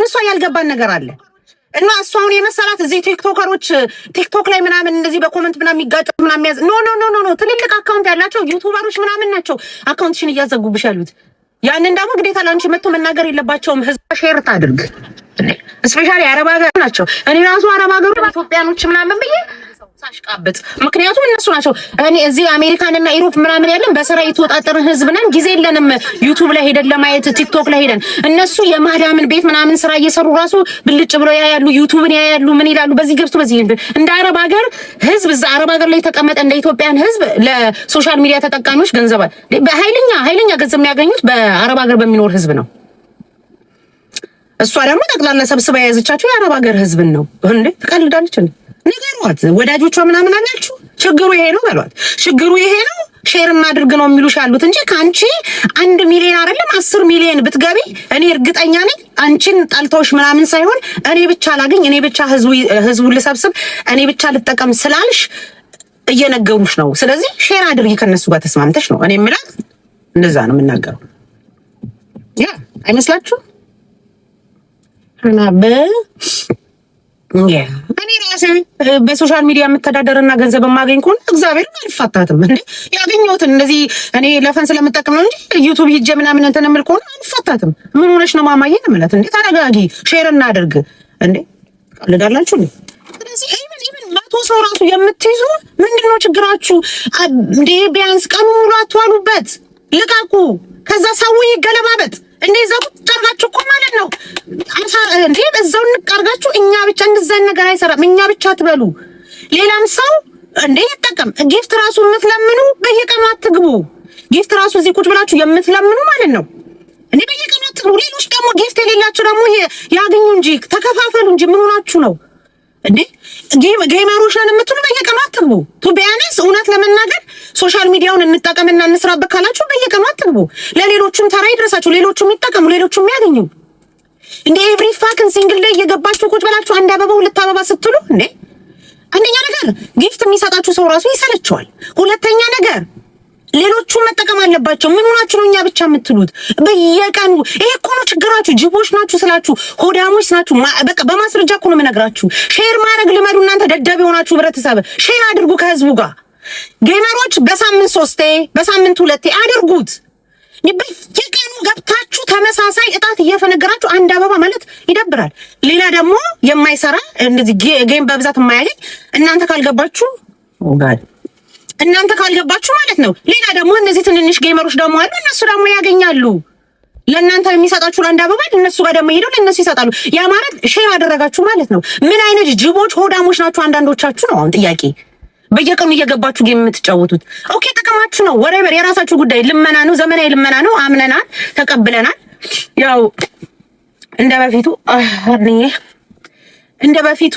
አሁን እሷ ያልገባን ነገር አለ እና እሷ አሁን የመሰላት እዚህ ቲክቶከሮች ቲክቶክ ላይ ምናምን እንደዚህ በኮመንት ምናምን የሚጋጩት ምናምን ያዝ ኖ ኖ ኖ ኖ ኖ ትልልቅ አካውንት ያላቸው ዩቱበሮች ምናምን ናቸው አካውንትሽን እያዘጉብሽ ያሉት። ያንን ደግሞ ግዴታ ላንቺ መጥቶ መናገር የለባቸውም። ህዝብ ሼር ታድርግ። ስፔሻሊ አረብ ሀገር ናቸው። እኔ ራሱ አረብ ሀገሩ ኢትዮጵያኖች ምናምን ብዬ ሳሽቃብጥ ምክንያቱም እነሱ ናቸው። እኔ እዚህ አሜሪካን እና ኢሮፕ ምናምን ያለን በስራ የተወጣጠርን ህዝብ ነን። ጊዜ የለንም ዩቱብ ላይ ሄደን ለማየት ቲክቶክ ላይ ሄደን። እነሱ የማዳምን ቤት ምናምን ስራ እየሰሩ ራሱ ብልጭ ብለው ያያሉ፣ ዩቱብን ያያሉ፣ ምን ይላሉ። በዚህ ገብቶ በዚህ እንደ አረብ ሀገር ህዝብ እዛ አረብ ሀገር ላይ የተቀመጠ እንደ ኢትዮጵያን ህዝብ ለሶሻል ሚዲያ ተጠቃሚዎች ገንዘባል በኃይለኛ ኃይለኛ ገንዘብ የሚያገኙት በአረብ ሀገር በሚኖር ህዝብ ነው። እሷ ደግሞ ጠቅላላ ሰብስባ የያዘቻቸው የአረብ ሀገር ህዝብን ነው። እንዴ ትቀልዳለች እንዴ? ንገሯት። ወዳጆቿ ምናምን አላችሁ ችግሩ ይሄ ነው በሏት። ችግሩ ይሄ ነው ሼር ማድርግ ነው የሚሉሽ ያሉት እንጂ ከአንቺ አንድ ሚሊዮን አይደለም አስር ሚሊዮን ብትገቢ እኔ እርግጠኛ ነኝ አንቺን ጠልተውሽ ምናምን ሳይሆን እኔ ብቻ ላገኝ፣ እኔ ብቻ ህዝቡ ልሰብስብ፣ እኔ ብቻ ልጠቀም ስላልሽ እየነገሩሽ ነው። ስለዚህ ሼር አድርጊ ከነሱ ጋር ተስማምተሽ ነው እኔ የምላት። እንደዛ ነው የምናገረው። ያ አይመስላችሁ? እኔ ራሴ በሶሻል ሚዲያ የምተዳደርና ገንዘብ የማገኝ ከሆነ እግዚአብሔር አልፋታትም። እንዴ ያገኘሁትን እንደዚህ እኔ ለፈን ስለምጠቅም ነው እንጂ ዩቱብ ሂጄ ምናምን እንትን የምል ከሆነ አልፋታትም። ምን ሆነሽ ነው ማማዬ ነው የምላት። እንዴ ተረጋጊ፣ ሼር እናድርግ። እንዴ ቀልዳላችሁ። ስለዚህ መቶ ሰው ራሱ የምትይዙ ነው ችግራችሁ እንዴ? ቢያንስ ቀኑ ሙሉ አትዋሉበት፣ ልቀቁ። ከዛ ሰው ይገለባበት። እንዴ እዛ ቁጭ እኮ ማለት ነው እንዴ እዛው እንቃርጋችሁ እኛ ብቻ እንደዛን ነገር አይሰራም። እኛ ብቻ አትበሉ ሌላም ሰው እንዴ ይጠቀም። ጊፍት ራሱ የምትለምኑ በየቀኑ አትግቡ። ጊፍት ራሱ እዚህ ቁጭ ብላችሁ የምትለምኑ ማለት ነው እንዴ በየቀኑ አትግቡ። ሌሎች ደግሞ ጊፍት የሌላቸው ደግሞ ያግኙ እንጂ ተከፋፈሉ እንጂ ምን ሆናችሁ ነው? እንዴ ጌመሮች የምትሉ በየቀኑ አትግቡ። ቱ ቢያንስ እውነት ለመናገር ሶሻል ሚዲያውን እንጠቀምና እንስራበት ካላችሁ በየቀኑ አትግቡ። ለሌሎችም ተራ ይድረሳችሁ፣ ሌሎቹም ይጠቀሙ፣ ሌሎቹም ያገኙ። እንደ ኤቭሪ ፋክን ሲንግል ላይ እየገባችሁ ቁጭ በላችሁ አንድ አበባ ሁለት አበባ ስትሉ እንዴ አንደኛ ነገር ጊፍት የሚሰጣችሁ ሰው ራሱ ይሰለችዋል። ሁለተኛ ነገር ሌሎቹን መጠቀም አለባቸው። ምን ሆናችሁ ነው እኛ ብቻ የምትሉት? በየቀኑ ይሄ እኮ ነው ችግራችሁ። ጅቦች ናችሁ ስላችሁ፣ ሆዳሞች ናችሁ። በቃ በማስረጃ እኮ ነው የምነግራችሁ። ሼር ማድረግ ልመዱ እናንተ ደደብ የሆናችሁ ህብረተሰብ። ሼር አድርጉ ከህዝቡ ጋር። ጌመሮች በሳምንት ሶስቴ በሳምንት ሁለቴ አድርጉት። በየቀኑ ገብታችሁ ተመሳሳይ እጣት እየፈነገራችሁ አንድ አበባ ማለት ይደብራል። ሌላ ደግሞ የማይሰራ እንደዚህ ጌም በብዛት የማያገኝ እናንተ ካልገባችሁ ኦጋድ እናንተ ካልገባችሁ ማለት ነው። ሌላ ደግሞ እነዚህ ትንንሽ ጌመሮች ደግሞ አሉ። እነሱ ደግሞ ያገኛሉ። ለእናንተ የሚሰጣችሁ አንድ አበባ እነሱ ጋር ደግሞ ሄደው ለእነሱ ይሰጣሉ። ያ ማለት ሼም አደረጋችሁ ማለት ነው። ምን አይነት ጅቦች ሆዳሞች ናችሁ? አንዳንዶቻችሁ ነው አሁን ጥያቄ በየቀኑ እየገባችሁ ጌም የምትጫወቱት ኦኬ፣ ጥቅማችሁ ነው። ወሬበር የራሳችሁ ጉዳይ። ልመና ነው፣ ዘመናዊ ልመና ነው። አምነናል፣ ተቀብለናል። ያው እንደ በፊቱ እንደ በፊቱ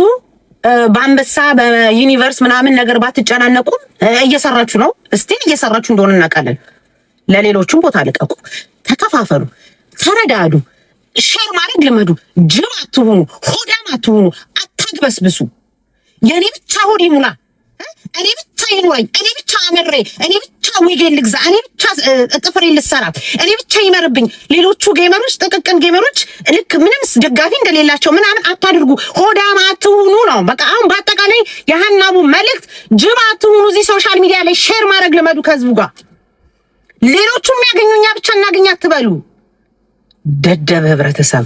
በአንበሳ በዩኒቨርስ ምናምን ነገር ባትጨናነቁም እየሰራችሁ ነው። እስቲ እየሰራችሁ እንደሆነ እናውቃለን። ለሌሎችም ቦታ ልቀቁ፣ ተከፋፈሉ፣ ተረዳዱ፣ ሸር ማድረግ ልመዱ። ጅብ አትሆኑ ሆዳም አትሆኑ አታግበስብሱ። የኔ ብቻ ሆድ ይሙላ እኔ ይኑረኝ፣ እኔ ብቻ አመሬ፣ እኔ ብቻ ዊጌን ልግዛ፣ እኔ ብቻ ጥፍሬ ልሰራ፣ እኔ ብቻ ይመርብኝ። ሌሎቹ ጌመሮች፣ ጥቅቅን ጌመሮች ልክ ምንም ደጋፊ እንደሌላቸው ምናምን አታድርጉ። ሆዳም አትሁኑ ነው በቃ። አሁን በአጠቃላይ የሀናቡ መልእክት ጅብ አትሁኑ። እዚህ ሶሻል ሚዲያ ላይ ሼር ማድረግ ልመዱ ከህዝቡ ጋር። ሌሎቹ የሚያገኙ እኛ ብቻ እናገኝ አትበሉ። ደደብ ህብረተሰብ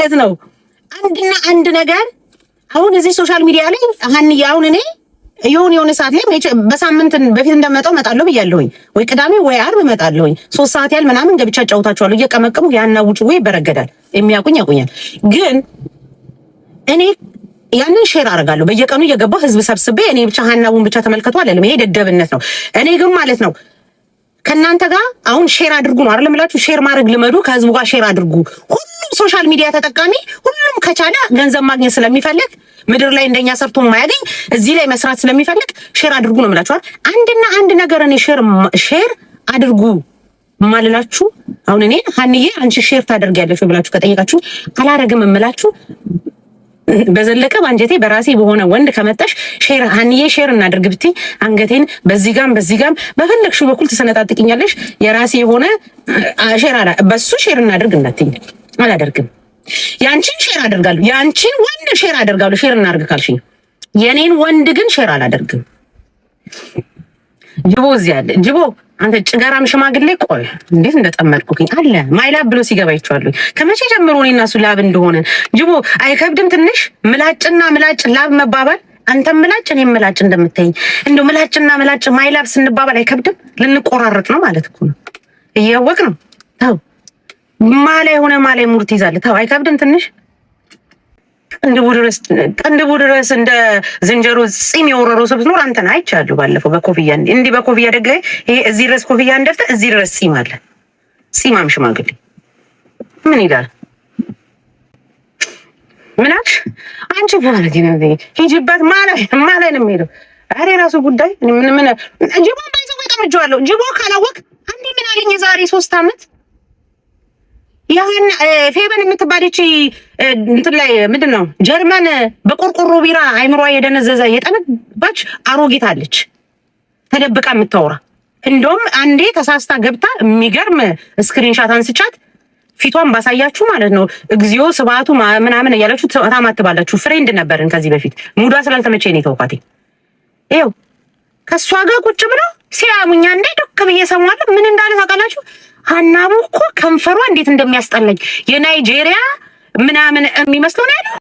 ማለት ነው። አንድና አንድ ነገር አሁን እዚህ ሶሻል ሚዲያ ላይ ሀንዬ አሁን እኔ የሆነ የሆነ ሰዓት ላይ በሳምንት በፊት እንደመጣው እመጣለሁ ብያለሁኝ። ወይ ቅዳሜ ወይ አርብ እመጣለሁኝ። ሶስት ሰዓት ያህል ምናምን ገብቻ ጫውታችኋለሁ። እየቀመቀሙ ያና ውጭ ወይ ይበረገዳል። የሚያቁኝ ያቁኛል። ግን እኔ ያንን ሼር አደርጋለሁ በየቀኑ እየገባሁ ህዝብ ሰብስቤ እኔ ብቻ ሀናቡን ብቻ ተመልከቱ አለም። ይሄ ደደብነት ነው። እኔ ግን ማለት ነው ከእናንተ ጋር አሁን ሼር አድርጉ ነው አይደል የምላችሁ። ሼር ማድረግ ልመዱ፣ ከህዝቡ ጋር ሼር አድርጉ። ሁሉም ሶሻል ሚዲያ ተጠቃሚ፣ ሁሉም ከቻለ ገንዘብ ማግኘት ስለሚፈልግ ምድር ላይ እንደኛ ሰርቶ የማያገኝ እዚህ ላይ መስራት ስለሚፈልግ ሼር አድርጉ ነው የምላችኋል። አንድና አንድ ነገር እኔ ሼር ሼር አድርጉ ማልላችሁ አሁን እኔ ሀንዬ አንቺ ሼር ታደርጊያለሽ ብላችሁ ከጠየቃችሁ አላረግም የምላችሁ በዘለቀ ባንጀቴ በራሴ በሆነ ወንድ ከመጣሽ ሼር ሀኒዬ ሼር እናድርግ ብትይ አንገቴን በዚህ ጋም በዚህ ጋም በፈለግሽው በኩል ትሰነጣጥቅኛለሽ። የራሴ የሆነ ሼር በሱ ሼር እናድርግ እንዳትኝ አላደርግም። ያንቺን ሼር አደርጋለሁ። ያንቺን ወንድ ሼር አደርጋለሁ። ሼር እናድርግ ካልሽኝ የኔን ወንድ ግን ሼር አላደርግም። ጅቦ እዚህ አለ ጅቦ አንተ ጭጋራም ሽማግሌ ቆይ፣ እንዴት እንደጠመድኩኝ አለ ማይላብ ብሎ ሲገባ ይቻሉኝ። ከመቼ ጀምሮ እኔ እና እሱ ላብ እንደሆነ ጅቦ አይከብድም? ትንሽ ምላጭና ምላጭ ላብ መባባል፣ አንተም ምላጭ እኔም ምላጭ እንደምታይኝ እንደው ምላጭና ምላጭ ማይላብ ስንባባል አይከብድም? ልንቆራረጥ ነው ማለት እኮ ነው። እያወቅ ነው ተው፣ ማላይ ሆነ ማላይ ሙርት ትይዛለህ። ተው አይከብድም ትንሽ ቅንድቡ ድረስ ቅንድቡ ድረስ እንደ ዝንጀሮ ፂም የወረረው ሰው ብትኖር አንተን አይቻሉ ባለፈው በኮፍያ እንዲህ በኮፍያ ደገ ይሄ እዚህ ድረስ ኮፍያ እንደፍተ እዚህ ድረስ ፂም አለ። ፂማም ሽማግሌ ምን ይላል? ምናች አንቺ? ማለት ነው ሂጂባት ማላይ ማላይ ነው የሚሄደው። አሬ ራሱ ጉዳይ ምን ምን ጅቦ ባይዘው ይጠምጀዋለሁ። ጅቦ ካላወቅ አንዴ ምን አለኝ የዛሬ ሶስት አመት ይህን ፌበን የምትባለች እንትን ላይ ምንድን ነው ጀርመን በቆርቆሮ ቢራ አይምሯ የደነዘዘ የጠነባች አሮጊት አለች፣ ተደብቃ የምታወራ እንደውም አንዴ ተሳስታ ገብታ የሚገርም ስክሪንሻት አንስቻት ፊቷን ባሳያችሁ ማለት ነው። እግዚኦ ስባቱ ምናምን እያላችሁ ታማትባላችሁ። ፍሬንድ ነበርን ከዚህ በፊት ሙዷ ስላልተመቼ ነው የተውኳት። ይኸው ከእሷ ጋር ቁጭ ብለው ሲያሙኛ እንዴ ዶክ ብዬ ሰማለሁ። ምን እንዳለ ታውቃላችሁ? ሀናቡ እኮ ከንፈሯ እንዴት እንደሚያስጠላኝ የናይጄሪያ ምናምን የሚመስለው ነው ያለው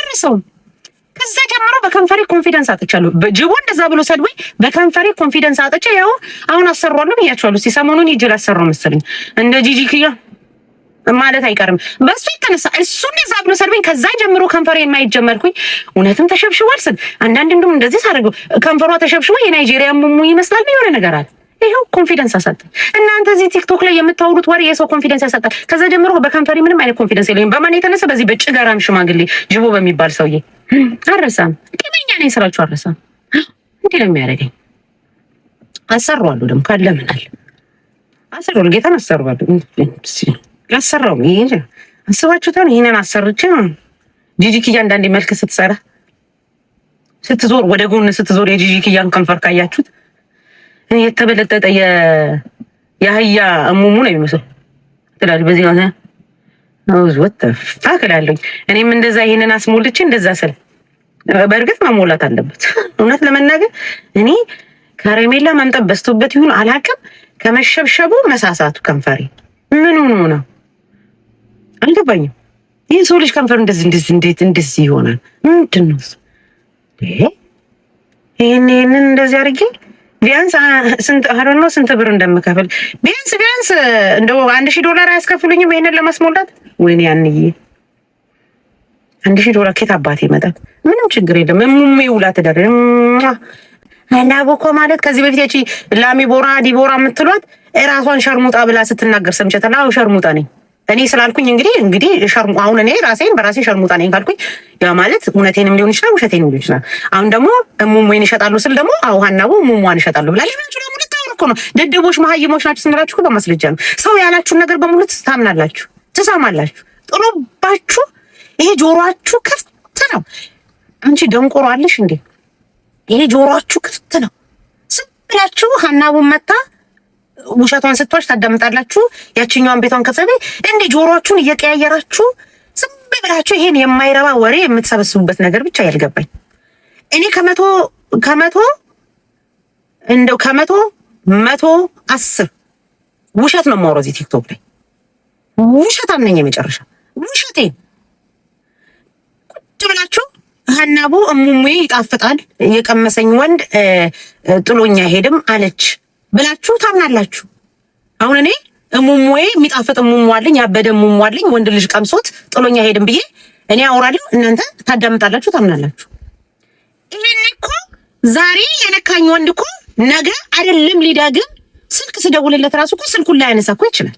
አረሰውም። ከዛ ጀምሮ በከንፈሬ ኮንፊደንስ አጥቻለሁ። በጅቦ እንደዛ ብሎ ሰድቦኝ በከንፈሬ ኮንፊደንስ አጥቼ ያው አሁን አሰሯለሁ ብያቸዋለሁ። ሲሰሞኑን ይጅል አሰራው ላሰራው መሰለኝ እንደ ጂጂ ክያ ማለት አይቀርም። በሱ የተነሳ እሱ እንደዛ ብሎ ሰድቦኝ ከዛ ጀምሮ ከንፈሬ የማይጀመርኩኝ እውነትም ተሸብሽቧል ስል አንዳንድ እንደም እንደዚህ ሳደርገው ከንፈሯ ተሸብሽቦ የናይጄሪያ ሙሙ ይመስላል የሆነ ነገር አለ ይኸው ኮንፊደንስ ያሳጣል። እናንተ እዚህ ቲክቶክ ላይ የምታወሩት ወሬ የሰው ኮንፊደንስ ያሳጣል። ከዛ ጀምሮ በከንፈሪ ምንም አይነት ኮንፊደንስ የለኝም። በማን የተነሳ በዚህ በጭጋራም ሽማግሌ ጅቦ በሚባል ሰውዬ አረሳም። ጤነኛ ነኝ ስራችሁ አረሳም። እንዲህ ነው የሚያደርገኝ። አሰሯሉ ደግሞ ካለምናል አሰሯሉ ጌታን አሰሯሉ ያሰራው ይሄ አስባችሁታል። ይሄንን አሰርቼ ጂጂ ኪያ አንዳንዴ መልክ ስትሰራ ስትዞር ወደ ጎን ስትዞር የጂጂ ኪያን ከንፈር ካያችሁት የተበለጠጠ የአህያ እሙሙ ነው የሚመስለው ትላለህ። በዚህ ነው ነውዝ ወተፋ ክላለኝ። እኔም እንደዛ ይሄንን አስሞልቼ እንደዛ ስል በእርግጥ መሞላት አለበት። እውነት ለመናገር እኔ ከረሜላ መምጠት በዝቶበት ይሁን አላውቅም፣ ከመሸብሸቡ መሳሳቱ ከንፈሬ ምን ሆኖ ነው አልገባኝም። ይህ ሰው ልጅ ከንፈር እንደዚህ እንደዚህ እንዴት እንደዚህ ይሆናል? ምንድን ነው ይህን ይህንን እንደዚህ አድርጌ ቢያንስ ስንት ነው ስንት ብር እንደምከፍል ቢያንስ ቢያንስ እንደው አንድ ሺህ ዶላር አያስከፍሉኝም ይሄንን ለማስሞላት። ወይኔ ያንዬ አንድ ሺህ ዶላር ኬት አባቴ ይመጣል? ምንም ችግር የለም። ሙሜ ውላ ትደር ናቦኮ ማለት ከዚህ በፊት ያቺ ላሚ ቦራ ዲቦራ የምትሏት እራሷን ሸርሙጣ ብላ ስትናገር ሰምቼታለሁ አዎ ሸርሙጣ ነኝ። እኔ ስላልኩኝ እንግዲህ እንግዲህ አሁን እኔ ራሴን በራሴ ሸርሙጣ ነኝ ካልኩኝ ያ ማለት እውነቴንም ሊሆን ይችላል፣ ውሸቴንም ሊሆን ይችላል። አሁን ደግሞ ሙሙን ይሸጣሉ ስል ደግሞ አዎ ሀናቡ ሙሟን ይሸጣሉ ብላ እኮ ነው። ደደቦች መሀይሞች ናችሁ ስንላችሁ እኮ በማስረጃ ነው። ሰው ያላችሁን ነገር በሙሉ ታምናላችሁ፣ ትሰማላችሁ። ጥሎባችሁ ይሄ ጆሮአችሁ ክፍት ነው። አንቺ ደንቆሮ አለሽ እንዴ? ይሄ ጆሮአችሁ ክፍት ነው። ስብላችሁ ሀናቡን መታ ውሸቷን ስትዋሽ ታዳምጣላችሁ። ያችኛዋን ቤቷን ከፍሰቤ እንዲህ ጆሮችሁን እየቀያየራችሁ ዝም ብላችሁ ይሄን የማይረባ ወሬ የምትሰበስቡበት ነገር ብቻ ያልገባኝ እኔ ከመቶ ከመቶ እንደው ከመቶ መቶ አስር ውሸት ነው የማወራው እዚህ ቲክቶክ ላይ ውሸት ነኝ። የመጨረሻ ውሸቴን ቁጭ ብላችሁ ሀናቡ እሙሙዬ ይጣፍጣል የቀመሰኝ ወንድ ጥሎኛ ሄድም አለች ብላችሁ ታምናላችሁ። አሁን እኔ እሙሙዬ የሚጣፍጥ አለኝ ያበደ አለኝ ወንድ ልጅ ቀምሶት ጥሎኛ ሄድን ብዬ እኔ አውራለሁ እናንተ ታዳምጣላችሁ፣ ታምናላችሁ። ይህን እኮ ዛሬ የነካኝ ወንድ እኮ ነገ አይደለም ሊዳግም ስልክ ስደውልለት ራሱ እኮ ስልኩን ላይ እኮ ይችላል።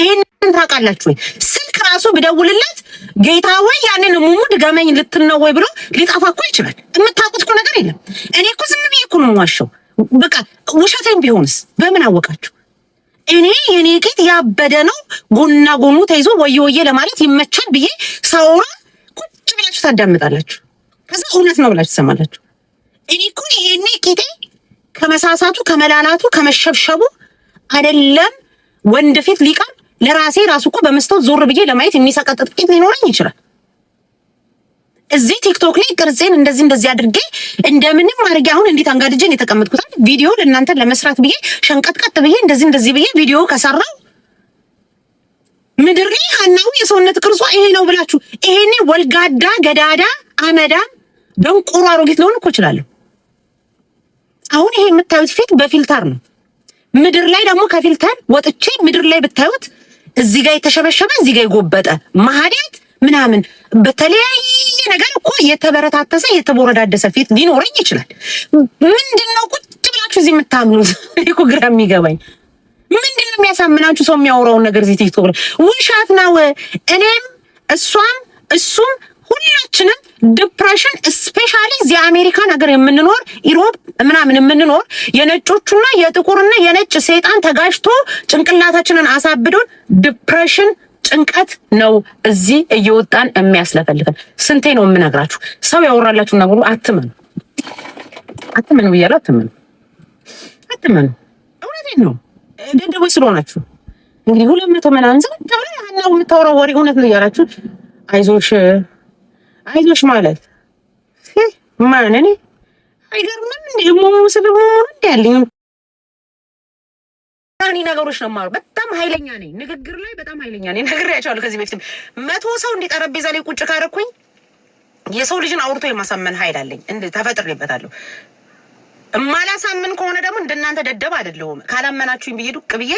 ይህንን ታውቃላችሁ ወይ? ስልክ ራሱ ብደውልለት ጌታ ወይ ያንን እሙሙ ድጋመኝ ልትነው ወይ ብሎ ሊጣፋ እኮ ይችላል። የምታውቁት እኮ ነገር የለም። እኔ እኮ ዝም ብዬ እኮ ነው የምዋሸው በቃ ውሸቴም ቢሆንስ በምን አወቃችሁ? እኔ የኔ ቂጥ ያበደ ነው ጎና ጎኑ ተይዞ ወየ ወየ ለማለት ይመቻል ብዬ ሳውራ ቁጭ ብላችሁ ታዳምጣላችሁ። ከዛ እውነት ነው ብላችሁ ትሰማላችሁ። እኔ እኮ ይሄኔ ቄጤ ከመሳሳቱ ከመላላቱ ከመሸብሸቡ አይደለም ወንድ ፊት ሊቀር ለራሴ ራሱ እኮ በመስታወት ዞር ብዬ ለማየት የሚሰቀጥጥ ቂጥ ሊኖረኝ ይችላል። እዚህ ቲክቶክ ላይ ቅርጼን እንደዚህ እንደዚህ አድርጌ እንደምንም አድርጌ አሁን እንዴት አንጋድጄን የተቀመጥኩታል ቪዲዮ ለእናንተ ለመስራት ብዬ ሸንቀጥቀጥ ብዬ እንደዚህ እንደዚህ ብዬ ቪዲዮ ከሰራው ምድር ላይ አናው የሰውነት ቅርጿ ይሄ ነው ብላችሁ ይሄኔ ወልጋዳ ገዳዳ አመዳ ደንቆሮ አሮጌት ለሆን እኮ እችላለሁ። አሁን ይሄ የምታዩት ፊት በፊልተር ነው። ምድር ላይ ደግሞ ከፊልተር ወጥቼ ምድር ላይ ብታዩት እዚህ ጋር የተሸበሸበ እዚህ ጋር የጎበጠ ማህዴት ምናምን በተለያየ ይሄ ነገር እኮ የተበረታተሰ የተቦረዳደሰ ፊት ሊኖረኝ ይችላል። ምንድነው ቁጭ ብላችሁ እዚህ የምታምኑት? እኮ ግራ የሚገባኝ ምንድነው የሚያሳምናችሁ? ሰው የሚያወራውን ነገር እዚህ ቲክቶክ ላይ ውሸት ነው። እኔም እሷም እሱም ሁላችንም ዲፕሬሽን ስፔሻሊ እዚህ አሜሪካን ሀገር የምንኖር ኢሮብ ምናምን የምንኖር የነጮቹና የጥቁርና የነጭ ሰይጣን ተጋጅቶ ጭንቅላታችንን አሳብዶን ዲፕሬሽን ጭንቀት ነው እዚህ እየወጣን የሚያስለፈልፈን። ስንቴ ነው የምነግራችሁ? ሰው ያወራላችሁ ነገሩ አትመኑ፣ አትመኑ ብያለሁ። አትመኑ፣ አትመኑ። እውነቴን ነው። ደደቦች ስለሆናችሁ እንግዲህ ሁለት መቶ ምናምን ሰው ሀናቡ የምታወራው ወሬ እውነት ነው እያላችሁ አይዞሽ፣ አይዞሽ ማለት ማን እኔ አይገርምም። እንደ ሞሞ ስለሆነ እንዲ ያለኝ ተቃራኒ ነገሮች ነው ማሩ በጣም ኃይለኛ ነኝ፣ ንግግር ላይ በጣም ኃይለኛ ነኝ። ነግሬያቸዋለሁ ከዚህ በፊትም መቶ ሰው እንዲህ ጠረጴዛ ላይ ቁጭ ካረኩኝ የሰው ልጅን አውርቶ የማሳመን ኃይል አለኝ፣ ተፈጥሬበታለሁ። እማላሳምን ከሆነ ደግሞ እንደናንተ ደደብ አይደለሁም። ካላመናችሁኝ ብዬ ዱቅ ብዬ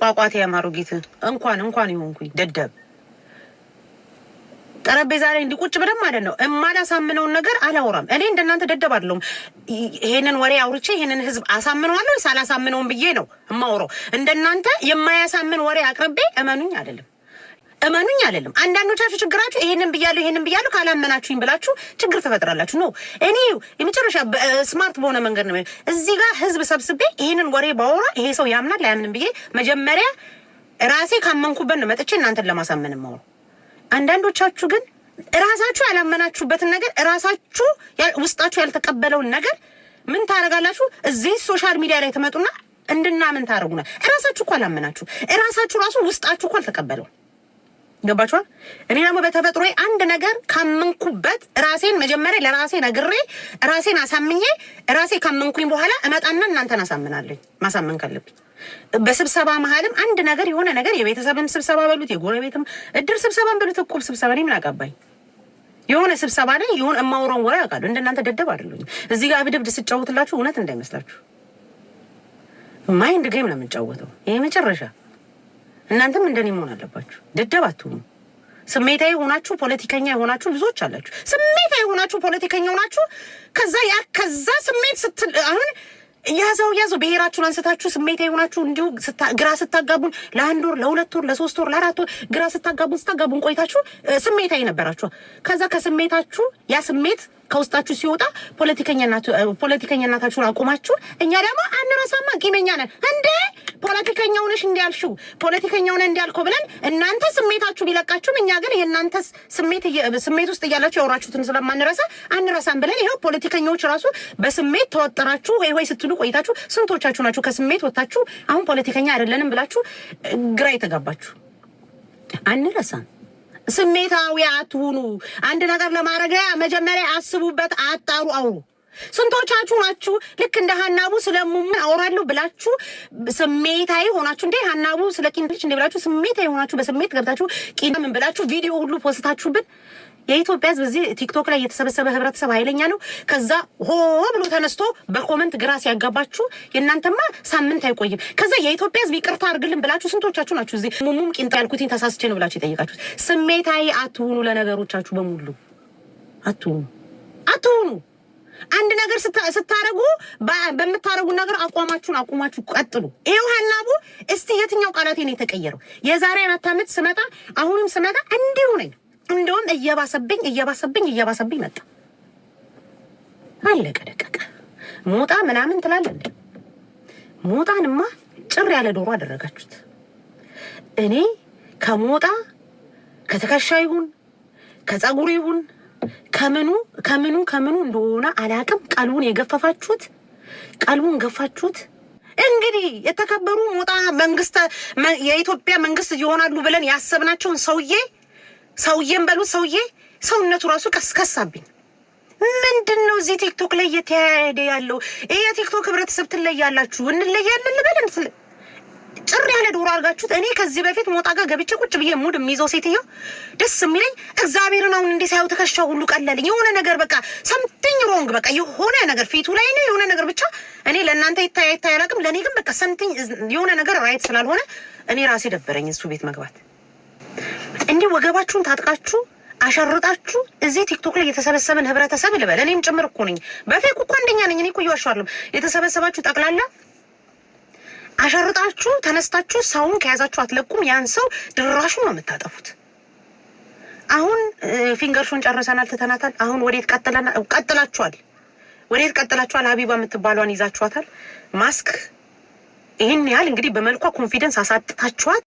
ቋቋቴ ያማሩ ጌት እንኳን እንኳን ይሆንኩኝ ደደብ ጠረጴዛ ላይ እንዲቁጭ ብለን ማለት ነው የማላሳምነውን ነገር አላወራም። እኔ እንደናንተ ደደብ አይደለሁም። ይሄንን ወሬ አውርቼ ይሄንን ህዝብ አሳምነዋለሁ ሳላሳምነውን ብዬ ነው የማውረው። እንደናንተ የማያሳምን ወሬ አቅርቤ እመኑኝ አይደለም እመኑኝ አይደለም። አንዳንዶቻችሁ ችግራችሁ ይሄንን ብያለሁ ይሄንን ብያለሁ ካላመናችሁኝ ብላችሁ ችግር ትፈጥራላችሁ። ነው እኔ የመጨረሻ ስማርት በሆነ መንገድ ነው እዚህ ጋር ህዝብ ሰብስቤ ይሄንን ወሬ ባወራ ይሄ ሰው ያምናል ላያምንም ብዬ መጀመሪያ ራሴ ካመንኩበት ነው መጥቼ እናንተን ለማሳመን ማውረው አንዳንዶቻችሁ ግን እራሳችሁ ያላመናችሁበትን ነገር እራሳችሁ ውስጣችሁ ያልተቀበለውን ነገር ምን ታደርጋላችሁ? እዚህ ሶሻል ሚዲያ ላይ ትመጡና እንድናምን ታደርጉናል። እራሳችሁ እኮ አላመናችሁ፣ እራሳችሁ ራሱ ውስጣችሁ እኮ አልተቀበለው። ገባችኋል? እኔ ደግሞ በተፈጥሮ አንድ ነገር ካመንኩበት ራሴን መጀመሪያ ለራሴ ነግሬ ራሴን አሳምኜ ራሴ ካመንኩኝ በኋላ እመጣና እናንተን አሳምናለኝ ማሳመን ካለብኝ በስብሰባ መሀልም አንድ ነገር የሆነ ነገር የቤተሰብም ስብሰባ በሉት የጎረቤትም እድር ስብሰባን በሉት እቁብ ስብሰባ ላይ ምን አቀባኝ የሆነ ስብሰባ ላይ የሆነ እማውረን ወሬ ያውቃሉ። እንደናንተ ደደብ አይደሉኝ። እዚህ ጋር እብድብድ ስጫወትላችሁ እውነት እንዳይመስላችሁ። ማይንድ ጌም ነው የምንጫወተው። ይሄ መጨረሻ። እናንተም እንደኔ መሆን አለባችሁ። ደደብ አትሆኑ። ስሜታዊ የሆናችሁ ፖለቲከኛ የሆናችሁ ብዙዎች አላችሁ። ስሜታዊ የሆናችሁ ፖለቲከኛ የሆናችሁ ከዛ ያ ከዛ ስሜት ስትል አሁን ያዘው ያዘው ብሔራችሁን አንስታችሁ ስሜታ የሆናችሁ እንዲሁ ግራ ስታጋቡን ለአንድ ወር ለሁለት ወር ለሶስት ወር ለአራት ወር ግራ ስታጋቡን ስታጋቡን ቆይታችሁ ስሜታ የነበራችሁ ከዛ ከስሜታችሁ ያ ስሜት ከውስጣችሁ ሲወጣ ፖለቲከኛነታችሁን አቁማችሁ እኛ ደግሞ አንረሳማ ቂመኛ ነን እንዴ ፖለቲከኛ ሆነሽ እንዲያልሽው ፖለቲከኛ እንዲያልከው ብለን እናንተ ስሜታችሁ ቢለቃችሁም እኛ ግን የእናንተ ስሜት ውስጥ እያላችሁ ያወራችሁትን ስለማንረሳ አንረሳም ብለን ይኸው ፖለቲከኛዎች ራሱ በስሜት ተወጠራችሁ ወይ ወይ ስትሉ ቆይታችሁ ስንቶቻችሁ ናችሁ ከስሜት ወጥታችሁ አሁን ፖለቲከኛ አይደለንም ብላችሁ ግራ የተጋባችሁ? አንረሳም። ስሜታዊ አትሁኑ። አንድ ነገር ለማድረግ መጀመሪያ አስቡበት፣ አጣሩ፣ አውሩ። ስንቶቻችሁ ናችሁ ልክ እንደ ሀናቡ ስለሙሙ አወራለሁ ብላችሁ ስሜታዊ ሆናችሁ እንደ ሀናቡ ስለ ኪንች እንደ ብላችሁ ስሜታዊ ሆናችሁ በስሜት ገብታችሁ ቂምን ብላችሁ ቪዲዮ ሁሉ ፖስታችሁብን። የኢትዮጵያ ሕዝብ እዚህ ቲክቶክ ላይ የተሰበሰበ ህብረተሰብ ኃይለኛ ነው። ከዛ ሆ ብሎ ተነስቶ በኮመንት ግራ ሲያጋባችሁ የእናንተማ ሳምንት አይቆይም። ከዛ የኢትዮጵያ ሕዝብ ይቅርታ አድርግልን ብላችሁ ስንቶቻችሁ ናችሁ እዚህ ሙሙም ቂንጣ ያልኩትኝ ተሳስቼ ነው ብላችሁ ይጠይቃችሁ። ስሜታዊ አትሁኑ፣ ለነገሮቻችሁ በሙሉ አትሁኑ፣ አትሁኑ። አንድ ነገር ስታረጉ በምታረጉ ነገር አቋማችሁን አቁማችሁ ቀጥሉ። ይሄው ሀናቡ እስቲ የትኛው ቃላቴ ነው የተቀየረው? የዛሬ አራት ዓመት ስመጣ አሁንም ስመጣ እንዲሁ ነኝ። እንደውም እየባሰብኝ እየባሰብኝ እየባሰብኝ መጣ። አለቀ ደቀቀ። ሞጣ ምናምን ትላለን። ሞጣንማ ጭር ያለ ዶሮ አደረጋችሁት። እኔ ከሞጣ ከተከሻ ይሁን ከፀጉር ይሁን ከምኑ ከምኑ ከምኑ እንደሆነ አላቅም። ቀልቡን የገፈፋችሁት ቀልቡን ገፋችሁት። እንግዲህ የተከበሩ ሞጣ መንግስት የኢትዮጵያ መንግስት ይሆናሉ ብለን ያሰብናቸውን ሰውዬ ሰውዬን በሉት ሰውዬ ሰውነቱ ራሱ ቀስከሳብኝ። ምንድን ነው እዚህ ቲክቶክ ላይ እየተያያደ ያለው? ይህ የቲክቶክ ህብረተሰብ ትለያላችሁ፣ እንለያለን ልበለን ጭር ያለ ዶሮ አድርጋችሁት። እኔ ከዚህ በፊት ሞጣ ጋር ገብቼ ቁጭ ብዬ ሙድ የሚይዘው ሴትዮ ደስ የሚለኝ እግዚአብሔርን አሁን እንዴ ሳየው ትከሻው ሁሉ ቀለልኝ። የሆነ ነገር በቃ ሰምቲንግ ሮንግ በቃ የሆነ ነገር ፊቱ ላይ ነው የሆነ ነገር ብቻ። እኔ ለእናንተ ይታይ አይታይ አላውቅም፣ ለእኔ ግን በቃ ሰምቲንግ የሆነ ነገር ራይት ስላልሆነ እኔ ራሴ ደበረኝ እሱ ቤት መግባት። እንዲህ ወገባችሁን ታጥቃችሁ አሸርጣችሁ እዚህ ቲክቶክ ላይ የተሰበሰበን ህብረተሰብ ልበል እኔም ጭምር እኮ ነኝ። በፌክ እኮ አንደኛ ነኝ እኔ እኮ እየዋሸዋለሁ። የተሰበሰባችሁ ጠቅላላ አሸርጣችሁ ተነስታችሁ ሰውን ከያዛችሁ አትለቁም። ያን ሰው ድራሹን ነው የምታጠፉት። አሁን ፊንገርሹን ጨርሰናል፣ ትተናታል። አሁን ወዴት ቀጥላችኋል? ወዴት ቀጥላችኋል? ሀቢባ የምትባሏን ይዛችኋታል። ማስክ ይህን ያህል እንግዲህ በመልኳ ኮንፊደንስ አሳጥታችኋል።